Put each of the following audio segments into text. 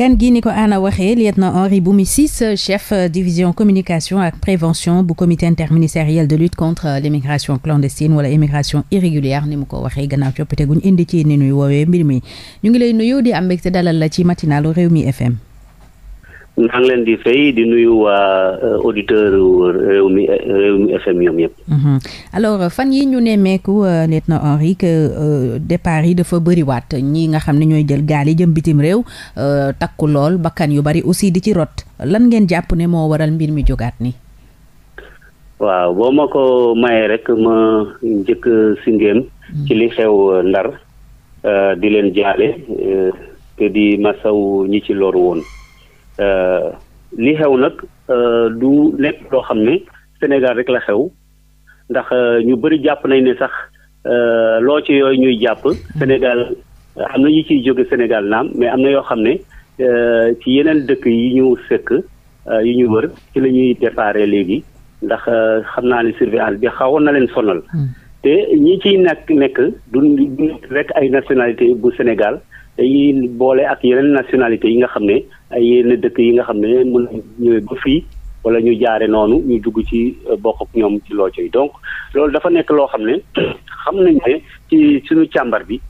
gan gi ni ko ana waxee lieutenant Henri Boumy Ciss chef euh, division communication ak prévention bu comité interministériel de lutte contre euh, l' immigration clandestine wala immigration irrégulière ni mu ko waxee gannaaw coppite guñ indi ci ni nuy woowee mbir mi ñu ngi lay nuyu di am mbégte dalal la ci matinalu Rewmi FM maa leen di fay di nuyu waa euh, auditeur réew mi réew mi FM ñoom yëpp. Mhm. alors fan yi ñu nemmeeku euh, net na Henri que euh, yi dafa bëriwaat ñi nga xam ne ñooy jël gaal yi jëm bitim réew takku lool bakkan yu bari aussi di ci rot lan ngeen jàpp ne moo waral mbir mi jógaat ni waaw boo ma ko mayee rek ma njëkk si ngéem mm. ci li xew Ndar di leen jaale te di masaw ñi ci loru woon. Euh, li xew nag euh, du nekk loo xam ne Sénégal rek la xew ndax euh, ñu bëri jàpp nañ ne sax loo ci yooyu ñuy jàpp Sénégal am na ñu ciy jóge Sénégal naam mais am na yoo xam ne ci yeneen dëkk yi ñu sëkk yi ñu wër ci la ñuy déparé léegi ndax xam naa ne surveillance bi xawoon na leen sonal hmm. te ñi ciy nekk nekk du nekk rek ay nationalité bu Sénégal dañuy boole ak yeneen nationalité yi nga xam ne ay yenn dëkk yi nga xam ne mun nañu ñëwee ba fii wala ñu jaare noonu ñu dugg ci euh, bokk ñoom ci loo coy donc loolu dafa nekk loo xam ne xam nañ ne ci suñu càmbar bi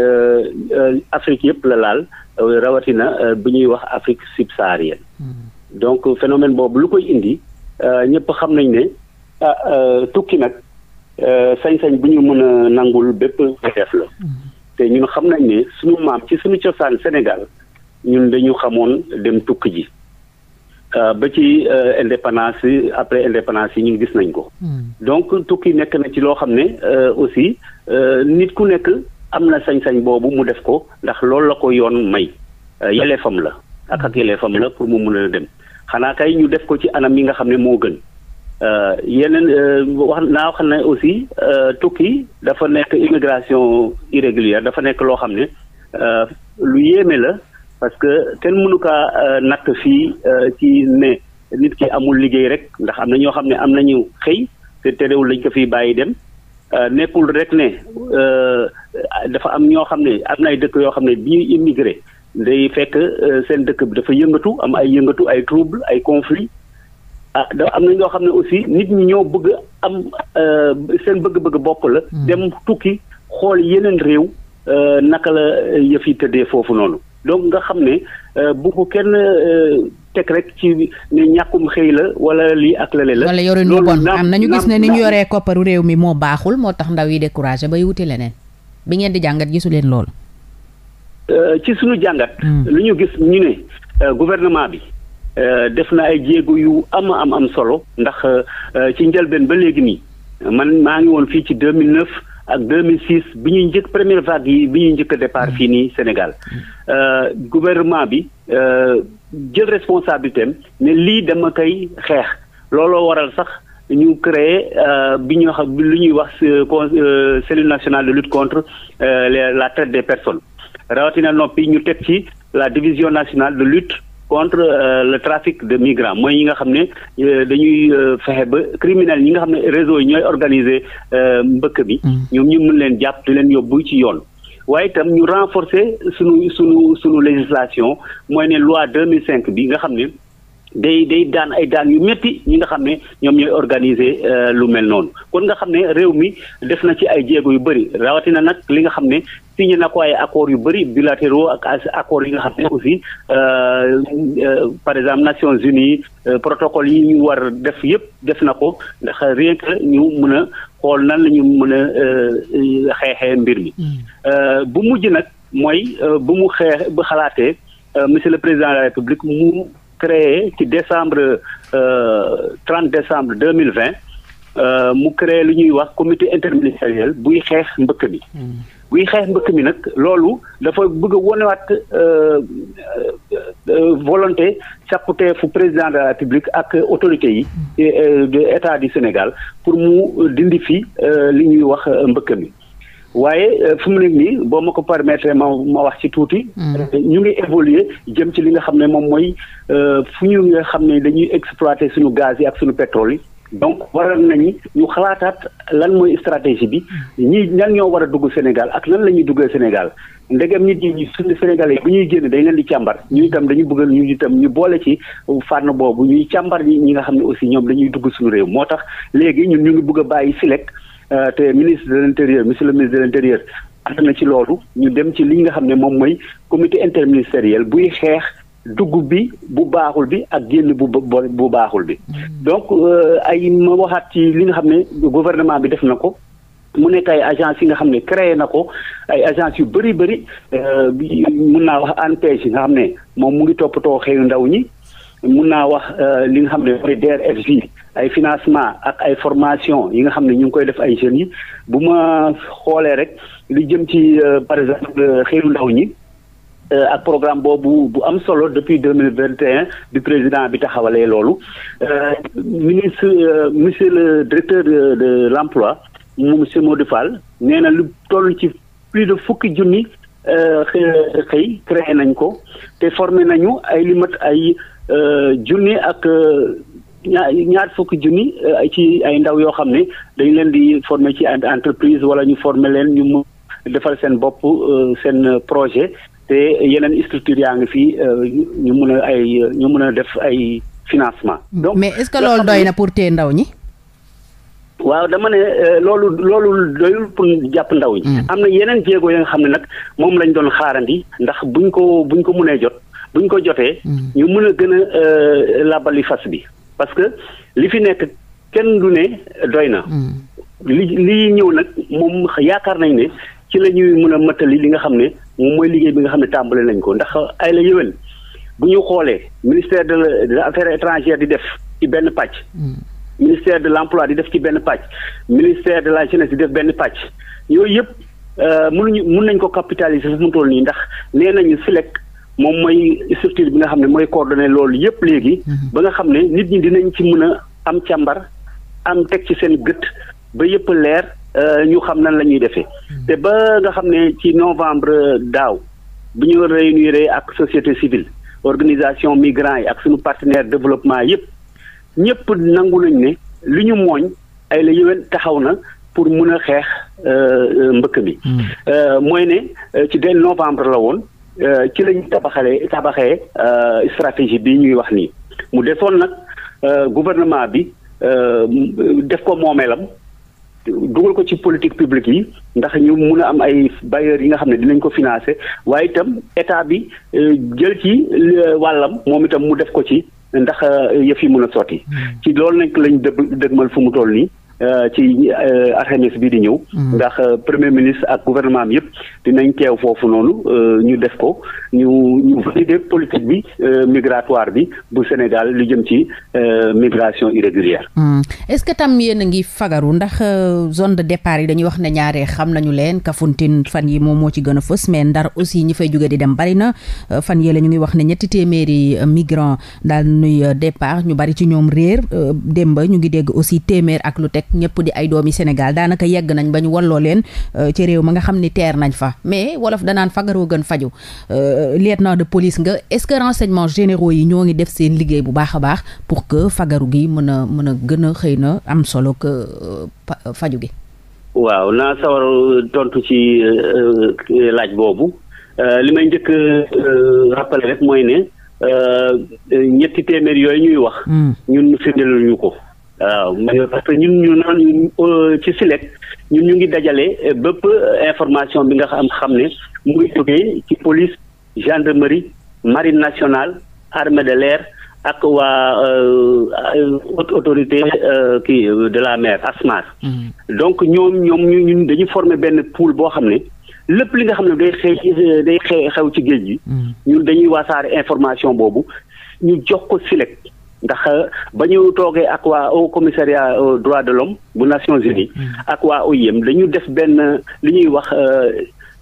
euh, euh, Afrique yëpp la laal rawatina bu ñuy wax Afrique subsaharienne mm. donc phénomène boobu lu koy indi ñëpp xam nañ ne ah, tukki nag sañ-sañ bu ñu mën a nangul bépp def la mm. te ñun xam nañ ne suñu maam ci suñu cosaan Sénégal ñun dañu xamoon dem tukki ji euh, ba ci euh, indépendance yi après indépendance yi ñun gis nañ ko. Hmm. donc tukki nekk na ci loo xam ne euh, aussi nit ku nekk am na sañ-sañ boobu mu def ko ndax loolu la ko yoon may. yelleefam la ak ak yelleefam la pour mu mun a dem xanaa kay ñu def ko ci anam yi nga xam ne moo gën. Euh, yeneen euh, wax naa xam ne aussi euh, tukki dafa nekk immigration irrégulière dafa nekk loo xam ne lu yéeme la parce que kenn mënu kaa nakk fii ci ne nit ki amul liggéey rek ndax am na ñoo xam ne am na ñu xëy te terewul lañ ko fii bàyyi dem nekkul rek ne dafa am ñoo xam ne am na ay dëkk yoo xam ne bii immigré day fekk seen dëkk bi dafa yëngatu am ay yëngatu ay trouble ay conflit ah am na ñoo xam ne aussi nit ñi ñoo bëgg am euh, seen bëgg-bëgg bopp la. Hmm. dem tukki xool yeneen réew. Euh, naka la euh, yëf yi tëddee foofu noonu. donc nga xam ne bu ko kenn teg rek ci ne ñàkkum xëy la wala lii ak lee la. wala yore lu bon am nañu gis ne ni ñu yoree kopparu réew mi moo baaxul moo tax ndaw yi découragé bay wuti leneen bi ngeen di jàngat gisu leen loolu. ci suñu jàngat. Hmm. lu ñu gis ñu ne gouvernement bi. Euh, def na ay jéego yu am am am solo ndax euh, ci njëlbeen ba léegi nii man maa ngi woon fii ci 2009 ak 2006 bi ñuy njëkk première vague yi bi ñuy njëkk a départ fii nii Sénégal euh, gouvernement bi jël responsabilité am ne lii dama koy xeex looloo waral sax ñu créé bi ñuy wax lu ñuy wax cellule nationale de lutte contre la traite des personnes rawatina noppi ñu teg ci la division nationale de lutte. contre euh, le trafic de migrants mooy ñi nga xam ne euh, dañuy euh, fexe ba criminel ñi nga xam ne réseau yi ñooy organiser mbëkk bi. Mm. ñoom ñu mën leen jàpp di leen yóbbu ci yoon. waaye itam ñu renforcer sunu sunu sunu législation mooy ne loi cinq bi nga xam ne. day day daan ay daan yu métti ñi nga xam ne ñoom ñooy organiser lu mel noonu kon nga xam ne réew mi def na ci ay jéego yu bëri rawatina nag li nga xam ne signé na ko ay accords yu bëri bilatéraux ak accords yi nga xam ne aussi euh, euh, par exemple Nations Unies euh, protocole yi ñu war def yëpp def na ko ndax rien que ñu mën a xool nan la ñu mën a xeexee mbir mi. Hmm. bu mujj nag mooy bu mu xeex bu xalaatee monsieur le président de la république mu créé ci décembre trente décembre deux mille vingt mu créé li ñuy wax commité interministériel buy xeex mbëkk bi. buy xeex mbëkk mi nag loolu dafa bëgg a wonewaat euh, euh, euh, volonté sàkkutee fu président de la république ak autorité yi de état du Sénégal pour mu dindi fi li ñuy wax mbëkk mi waaye fu mu nekk nii boo ma ko permettre ma ma wax ci tuuti. Mm. ñu ngi évoluer jëm ci li nga xam ne moom mooy fu ñu nga xam ne dañuy exploiter suñu gaz yi ak suñu pétrole yi. donc waral nañu ñu xalaataat lan mooy stratégie bi ñi ñan ñoo war a dugg Sénégal ak lan la ñuy duggee Sénégal ndegem nit ñi suñu Sénégalais yi bu ñuy génn dañ leen di càmbar ñu itam dañu bëgg ñu itam ñu boole ci fànn boobu ñuy càmbar ñi ñi nga xam ne aussi ñoom dañuy dugg suñu réew moo tax léegi ñun ñu ngi bëgg a bàyyi SILEC euh, te ministre de l'intérieur monsieur le ministre de l'intérieur ànd na ci loolu ñu dem ci li nga xam ne moom mooy comité interministériel buy xeex. dugg bi bu baaxul bi ak génn bu bu baaxul bi hmm. donc euh, ay ma waxaat ci li nga xam ne gouvernement bi def na ko mu nekk ay agence yi nga xam ne créé na ko ay agence yu bëri bëri euh, mun naa wax ANPEJ nga xam ne moom mu ngi toppatoo xëyu ndaw ñi mun naa wax euh, li nga xam ne mooy DRFJ ay financement ak ay formation yi nga xam ne ñu ngi koy def ay jeunes yi bu ma xoolee rek li jëm ci par exemple xëyu ndaw ñi Euh, ak programme boobu bu am solo depuis deux mille vingt et un bi président bi taxawalee loolu euh, ministre euh, monsieur le directeur de l' emploi mu monsieur Modou Fall nee na lu toll ci plus de fukki junni xëy créé nañ ko te formé nañu ay li mat ay junni ak ñaar ñaar fukki junni ci ay ndaw yoo xam ne dañ leen di former ci entreprise wala ñu former leen ñu defal seen bopp seen projet te yeneen structure yaa ngi fii euh, ñu mun a ay ñu mun a def ay financement hmm. donc mais est-ce que loolu doy na pour téye ndaw ñi. waaw dama ne euh, loolu loolu doyul pour jàpp ndaw ñi. Hmm. am na yeneen jéego ya nga xam ne nag moom lañ doon xaarandi ndax buñ ko buñ ko mënee jot bu ñu ko jotee. Hmm. ñu mën a gën a euh, labali fas bi parce que li fi nekk kenn du ne doy na. li li ñëw nag moom yaakaar nañ ne ci la mun a matali li nga xam ne moom mooy liggéey bi nga xam ne tàmbale nañ ko ndax ay la yéwén bu ñu xoolee ministère de la des affaires di def ci benn pàcc. Hmm. ministère de l' emploi def ci benn pàcc. ministère de la jeunesse di def benn pàcc yooyu yëpp euh, mënuñu mën nañ ko capitaliser fi mu toll nii ndax nee nañu lekk moom mooy structure bi nga xam ne mooy coordonné loolu yëpp léegi. Hmm. ba nga xam ne nit ñi dinañ ci mun a am càmbar am teg ci seen gët ba yëpp leer. Euh, ñu xam nan la ñuy defee. Hmm. te ba nga xam ne ci novembre daaw bi ñu réunir ak société civile organisation migrants yi ak suñu partenaire développement yëpp ñëpp nangu nañ ne li ñu mooñ ay la yéwén taxaw na pour mun a xeex euh, euh, mbëkk mi. Hmm. mooy ne ci den novembre la woon ci lañ tabaxale tabaxee stratégie bi ñuy wax nii mu desoon nag gouvernement bi def ko moomeelam. dugal ko ci politique publique yi ndax ñu mun a am ay bailleurs yi nga xam ne dinañ ko financer waaye itam état bi euh, jël ci euh, wàllam moom itam mu def ko ci ndax euh, yëf yi mun a sotti. Hmm. ci loolu nag lañ dëgmal fu mu toll nii. Euh, ci euh, alxames bi di ñëw. Mm-hmm. ndax euh, premier ministre ak gouvernement am yëpp dinañ teew foofu noonu ñu def ko ñu ñu valider politique bi migratoire bi bu Sénégal lu jëm ci migration irrégulière. Mm-hmm. est-ce que tam yéen a ngi fagaru ndax zone de départ yi dañuy wax ne ñaaree xam nañu leen Kafountine fan yi moom moo ci gën a fës mais Ndar aussi ñi fay jóge di dem bari na fan yii la ñu ngi wax ne ñetti téeméeri migrants daal nuy départ ñu bari ci ñoom réer démb ñu ngi dégg aussi téeméer ak lu teg. ñëpp di ay doomi Sénégal daanaka yegg nañ ba ñu walloo leen euh, ci réew ma nga xam ni teer nañ fa mais wolof danaan fagaroo gën faju euh, lieutenant de police nga est-ce que renseignements généraux yi ñoo ngi def seen liggéey bu baax a baax pour que fagaru gi mën a mën a gën a xëy na am solo que euh, faju gi waaw naa sawar tontu ci laaj boobu li may njëkk rappelé rek mooy ne ñetti téeméer yooyu ñuy wax hmm. ñun firndeeluñu ko waaw man parce que ñun ñu naan euh, ci SILEC ñun ñu ngi dajale euh, bépp euh, information bi nga xam xam ne mu ngi jógee ci police gendarmerie marine nationale armée de l'air ak waa haute autorité kii de la mer ASMAR. Mm-hmm. donc ñoom ñoom ñun dañu former benn poule boo xam ne lépp li nga xam ne day xew ci géej gi. Mm-hmm. ñun dañuy waasaare information boobu ñu jox ko SILEC. ndax ba ñu toogee ak waa au commissariat aux euh, de l'homme bu Nations Unies mm-hmm. ak waa OIM dañu def benn li ñuy wax euh,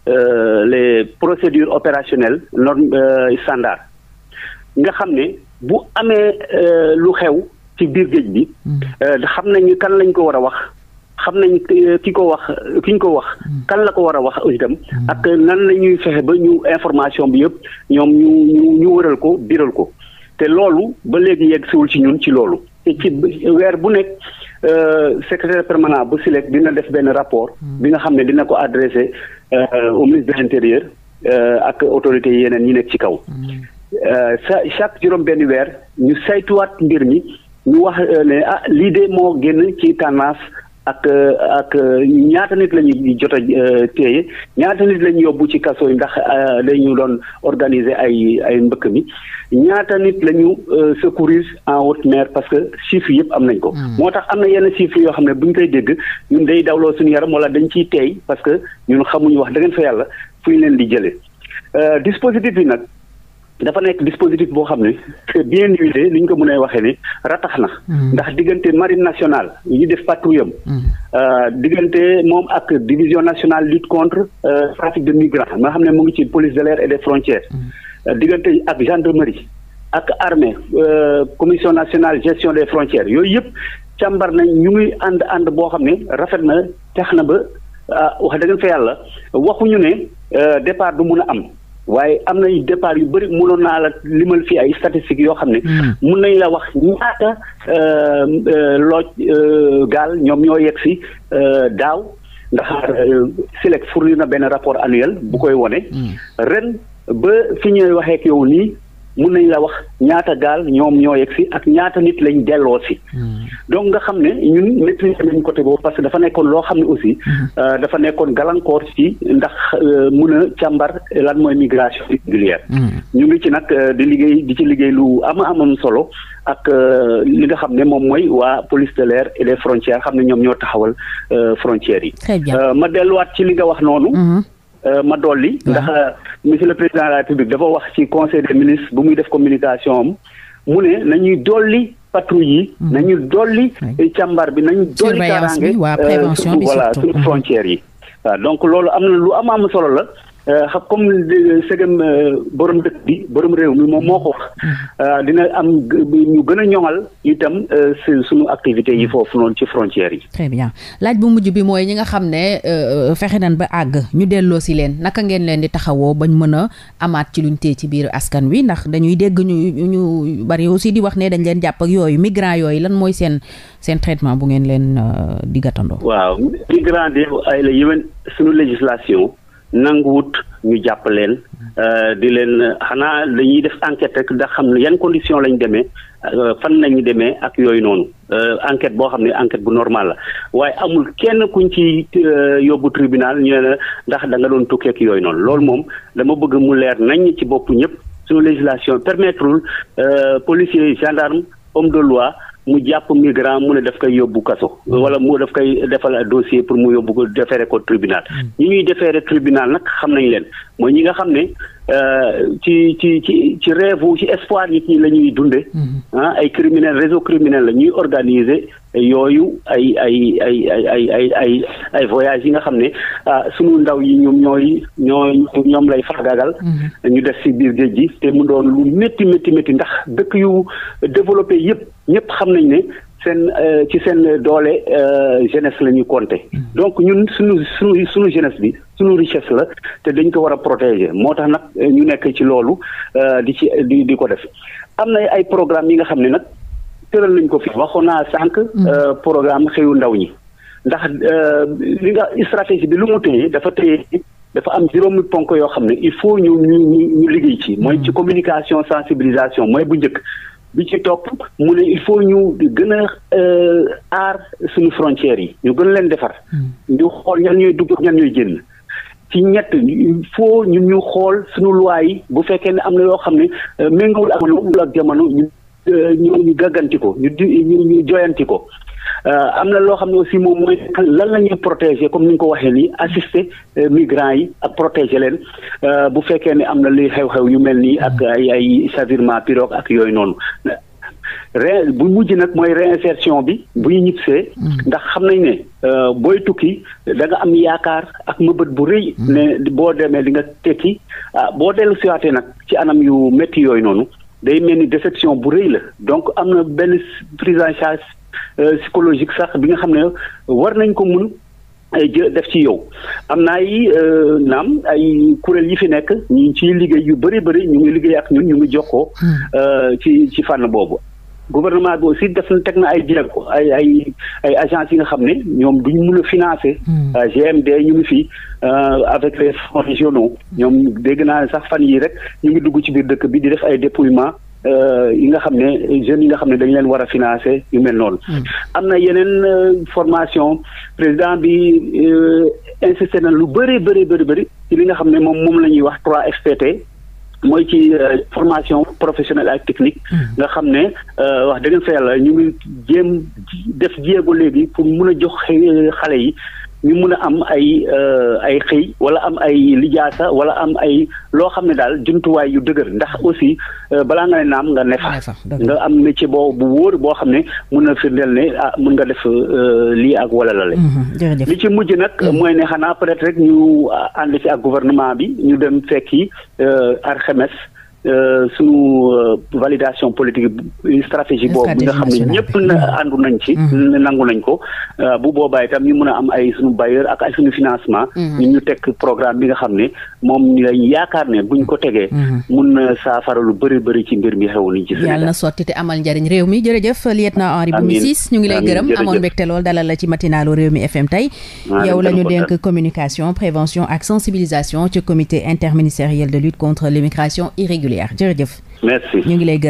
euh, les procédures opérationnelles normes standard nga xam ne bu amee lu xew ci biir géej bi mm-hmm. xam nañ kan lañ ko war a wax xam nañ ki ko wax ki ñu ko wax mm-hmm. kan la ko war a wax itam ak nan la ñuy fexe ba ñu information bi yëpp ñoom ñu ñu ñu wëral ko biiral ko te loolu ba léegi yegg siwul ci ñun ci loolu te ci weer bu nekk euh, secrétaire permanent bu SILEC dina def benn rapport hmm. bi nga xam ne dina ko adressé euh, au ministre de l'intérieur euh, ak autorités yeneen yu nekk ci kaw hmm. sa chaque juróom benn weer ñu saytuwaat ngir mi ñu wax ne ah lii de moo génn ci tànnaas ak ak ñaata nit la ñuy jot a euh, téye ñaata nit lañu ñu yóbbu ci kaso yi ndax euh, dañu doon organiser ay ay mbëkk mi ñaata nit lañu ñu euh, secourir en haute mer parce que chiffres yëpp am nañ ko. Hmm. moo tax am na yenn chiffres yoo xam ne bu ñu koy dégg ñun day dawloo suñ yaram wala dañ ci teey parce que ñun xamuñu wax da ngeen fa yàlla fu ñu leen di jëlee dispositif bi nag. dafa nekk dispositif boo xam ne c'est bien huilé ni ñu ko mënee waxee ni ratax na. Mm. ndax diggante marine nationale yi def patrouillam mm. euh, diggante moom ak division nationale lutte contre euh, trafic de migrants nga xam ne mu ngi ci police de l'air et des frontières. Mm. Euh, diggante ak gendarmerie ak armée commission nationale gestion des frontières yooyu yëpp càmbar nañ ñu ngi ànd ànd boo xam ne rafet na tax na ba ah, wax dëgg fa yàlla waxuñu ne départ du mun a am. waaye am nañu départ yu bëri mënoon naa la limal fii ay statistiques yoo xam ne. mun hmm. nañ la wax ñaata euh, euh, looj euh, gaal ñoom ñoo yegg si daaw ndax SILEC fournir na benn rapport annuel bu koy wone hmm. ren ba fi ñuy waxee ak yow nii. mun nañ la wax ñaata gaal ñoom ñoo yegg si ak ñaata nit lañ delloo si. Hmm. donc nga xam ne ñun maîtriser nañ côté boobu parce que dafa nekkoon loo xam ne aussi. Hmm. Euh, dafa nekkoon gàllankoor si ndax euh, mun a càmbar lan mooy migration régulière. Hmm. ñu ngi ci nag euh, di liggéey di ci liggéey lu am amoon solo ak li nga xam ne moom mooy waa police de l'air et des frontières xam ne ñoom ñoo taxawal frontières yi. ma delluwaat ci li nga wax noonu. Euh, ma dolli. ndax euh, monsieur président la république dafa wax ci conseil des ministres bu muy def communication am mu ne nañuy dolli patrouille yi. Hmm. nañu dolli euh, càmbar bi nañu dolli. surveillance bi waa prévention bi surtout voilà suñu hmm. frontières yi. waaw donc loolu am na lu am am solo la. Euh, xam comme sëgëm euh, borom dëkk bi borom réew mi moom moo ko wax mm-hmm. euh, dina am ñu gën a ñoŋal itam suñu activités yi mm-hmm. foofu noonu ci frontières yi. très bien laaj bu mujj bi mooy ñi nga xam ne fexe nañ ba àgg ñu delloo si leen naka ngeen leen di taxawoo bañ mën a amaat ci luñ téye ci biir askan wi ndax dañuy dégg ñu ñu bari aussi di wax ne dañ leen jàpp yooyu migrant yooyu lan mooy seen seen traitement bu ngeen leen di gàttandoo. waaw migrant ay la yeneen suñu législation. nanguwut ñu jàpp leen euh, di leen xanaa dañuy def enquête rek da xam ne yan condition lañ demee euh, fan lañu demee ak yooyu noonu euh, enquête boo xam ne enquête bu normal la waaye amul kenn kuñ ci yóbbu tribunal ñu ne ndax da nga doon tukkeek yooyu noonu loolu moom dama bëgg mu leer nañ ci bopp ñëpp su législation permettre policiers gendarme homme de loi mu jàpp migrant mu ne daf koy yóbbu kaso wala mu daf koy defal dossier pour mu yóbbu ko defeere ko tribunal ñi ñuy defeere tribunal nag xam nañ leen mooy ñi nga xam ne euh, ci ci ci ci rêve ci espoir nit ñi la ñuy dunde mm-hmm. ah, ay criminel réseau criminel la ñuy organiser yooyu ay ay ay ay ay ay ay voyage yi nga xam ne ah, suñu ndaw yi ñoom ñooy ñooy ñoom lay faagaagal mhm. ñu def ci biir géej gi te mu doon lu métti métti métti ndax dëkk yu développé yëpp ñëpp xam nañ ne seen euh, ci seen doole euh, jeunesse la ñuy compter mhm. donc ñun suñu suñu suñu jeunesse bi suñu richesse la te dañ ko war a protéger moo tax nag ñu nekk ci loolu euh, di ci di di ko def am na ay programme yi nga xam ne nag tëral nañ ko fi waxoon naa sànq. Mm-hmm. Euh, programme xëyu ndaw ñi. ndax euh, li nga stratégie bi lu mu téye dafa téye dafa am juróomi ponk yoo xam ne il faut ñu ñu ñu ñu liggéey ci. mooy mm-hmm. ci communication sensibilisation mooy bu njëkk. bi ci topp mu ne il faut ñu gën a euh, aar suñu frontières yi ñu gën leen defar. Mm-hmm. ñu xool ñan ñooy dugg ñan ñooy génn. ci ñett il faut ñun ñu xool suñu loi yi bu fekkee ne am na yoo xam ne méngoowul ak jamono ak jamono. ñu ñu gàgganti ko ñu di ñu ñu joyanti ko euh, am na loo xam ne aussi moom mooy lan la protéger comme ni nga ko waxee nii assister euh, migrants yi ak protéger leen euh, bu fekkee ne am na luy xew-xew yu mel nii ak ay ay chavirement pirogue ak yooyu noonu. bu mujj nag mooy réinsertion bi bu ñu ñibbisee mm. ndax xam nañ ne booy tukki da am yaakaar ak mëbët bu rëy mm. ne boo demee di nga tekki ah boo dellu siwaatee nag ci anam yu métti yooyu noonu day mel ni déception bu rëy la donc am na benn prise en charge euh, psychologique sax bi nga xam ne war nañ ko mun ay euh, def ci yow am na ay euh, naam ay kuréel yi fi nekk ñu ngi ciy liggéey yu bëri bëri ñu ngi liggéey ak ñun ñu ngi jox ko hmm. ci ci fànn boobu gouvernement bi aussi def na teg na ay jéego ay ay ay agences yi nga xam ne ñoom duñ mun a financé hmm. euh, GMD ñu ngi fi euh, avec les fonds régionaux. ñoom dégg naa sax fan yii rek ñu ngi dugg ci biir dëkk bi di def ay dépouillement euh, yi nga xam ne jeunes yi nga xam ne dañ leen war a financer yu mel noonu. Hmm. am na yeneen formation président bi insisté na lu bëri bëri bëri bëri ci li nga xam ne moom moom la ñuy wax 3FPT. mooy ci euh, formation professionnelle ak technique. Hmm. nga xam ne euh, wax dëgg fa yàlla ñu ngi jéem def jéego léegi pour mun a jox xale yi ñu mun a am ay euh, ay xëy wala am ay lijaasa wala am ay loo xam ne daal jumtuwaay yu dëgër ndax aussi euh, balaa nga ne naam nga ne fa nga am métier boo bu wóor boo xam ne mun na firndeel ne ah mun nga def euh, lii ak wala la mhm, li ci mujj nag mhm. mooy ne xanaa peut-être rek ñu ànd ci ak gouvernement bi ñu dem fekki arxemes Euh, suñu euh, validation politique stratégie boobu bi nga xam ne ñëpp na àndu nañ ci mm-hmm. nangu nañ ko euh, bu boobaa itam ñu mën a am ay suñu bailleur ak ay suñu financement ñu mm-hmm. ñu teg programme bi nga xam ne moom lañ yaakaar ne buñ ko tegee mm-hmm. mun na saafara lu bëri bëri ci mbir mi xew ni ci Sénégal yàlla na sotti te amal njëriñ réew mi jërëjëf lieutenant Henri Boumy ñu ngi lay gërëm amoon mbégte lool dalal la ci matinalu réew mi communication prévention ak sensibilisation ci comité interministériel de lutte contre l'immigration irrégulière milliards jërëjëf. merci ñu ngi lay gërëm.